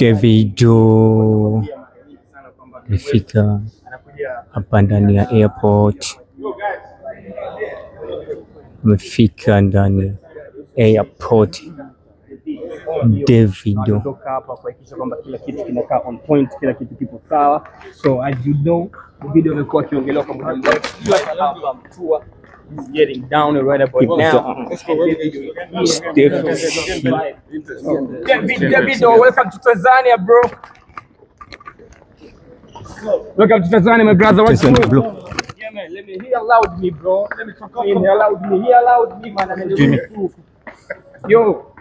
Davido amefika hapa ndani ya airport, amefika ndani ya airport. Davido kutoka hapa kuhakikisha kwamba kila kitu kinakaa on point, kila kitu kipo sawa. So as you know, akiongelewa kwa muda mrefu, mtua is getting down right about well, oh, now. Davido, welcome to Tanzania, bro. Welcome to Tanzania, my brother. What's up, bro? Yeah, man. Let me. He allowed me, bro. Let me talk He allowed me. He allowed me, man. I'm Jimmy. Yo,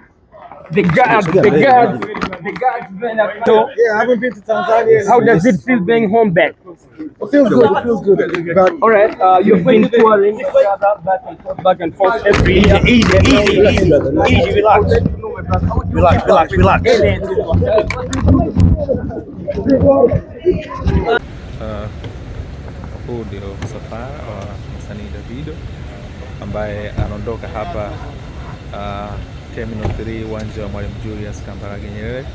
the guard, the guard, the guard. Yeah, I haven't been to Tanzania. How does it feel being home back? Well, feels good. It feels good. But all right, uh, you've been touring back and forth, back and forth every easy, year. Easy, easy, easy, easy, easy, relax. easy. Relax, relax, relax, relax. Uh, huu ndio msafara wa msanii Davido ambaye anaondoka hapa uh, Terminal 3 uwanja wa Mwalimu Julius Kambarage Nyerere.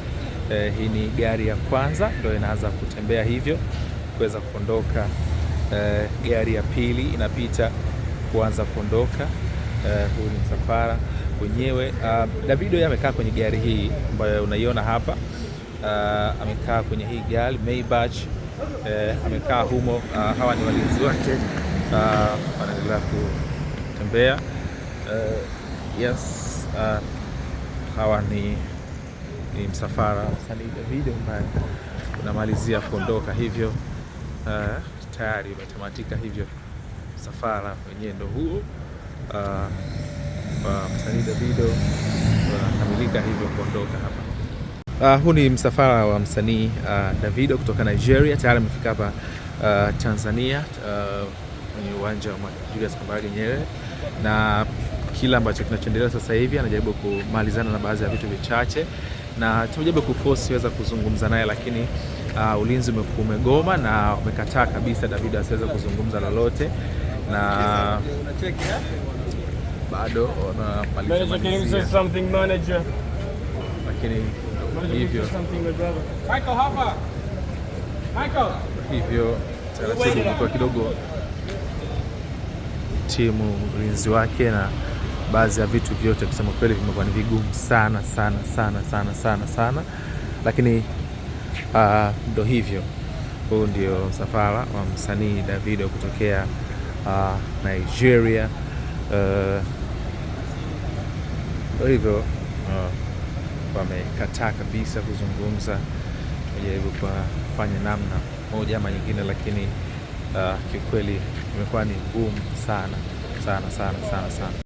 Uh, hii ni gari ya kwanza ndio inaanza kutembea hivyo kuweza kuondoka. E, gari ya pili inapita kuanza kuondoka. E, huu ni msafara wenyewe. Ah, Davido yeye amekaa kwenye gari hii ambayo unaiona hapa. Uh, amekaa kwenye hii gari Maybach. Uh, amekaa humo. Uh, hawa ni walinzi wake uh, wanaendelea kutembea. Uh, yes, uh, hawa ni, ni msafara msanii Davido ambaye unamalizia kuondoka hivyo uh, tayari imetamatika. Hivyo safara wenyewe ndo huo eh, kwa uh, msanii Davido unakamilika, uh, hivyo kuondoka hapa. Uh, huu ni msafara wa msanii uh, Davido kutoka Nigeria, tayari amefika hapa uh, Tanzania kwenye uh, uwanja wa Julius Kambarage Nyerere na kila ambacho kinachoendelea sasa hivi, anajaribu kumalizana na baadhi ya vitu vichache na tumejaribu kuforce siweza kuzungumza naye, lakini uh, ulinzi umegoma na umekataa kabisa David asiweze kuzungumza lolote, na bado wanamaliza lakini hivyo hivyo taratibu kwa kidogo timu ulinzi wake na baadhi ya vitu vyote kusema kweli vimekuwa ni vigumu sana sana sana sana sana sana, lakini ah, ndo hivyo. Huu ndio msafara wa msanii Davido kutokea uh, Nigeria ah, ndo uh, hivyo uh, wamekataa kabisa kuzungumza. Tumejaribu kuwafanya namna moja ama nyingine, lakini uh, kiukweli imekuwa ni ngumu sana sana sana sana sana.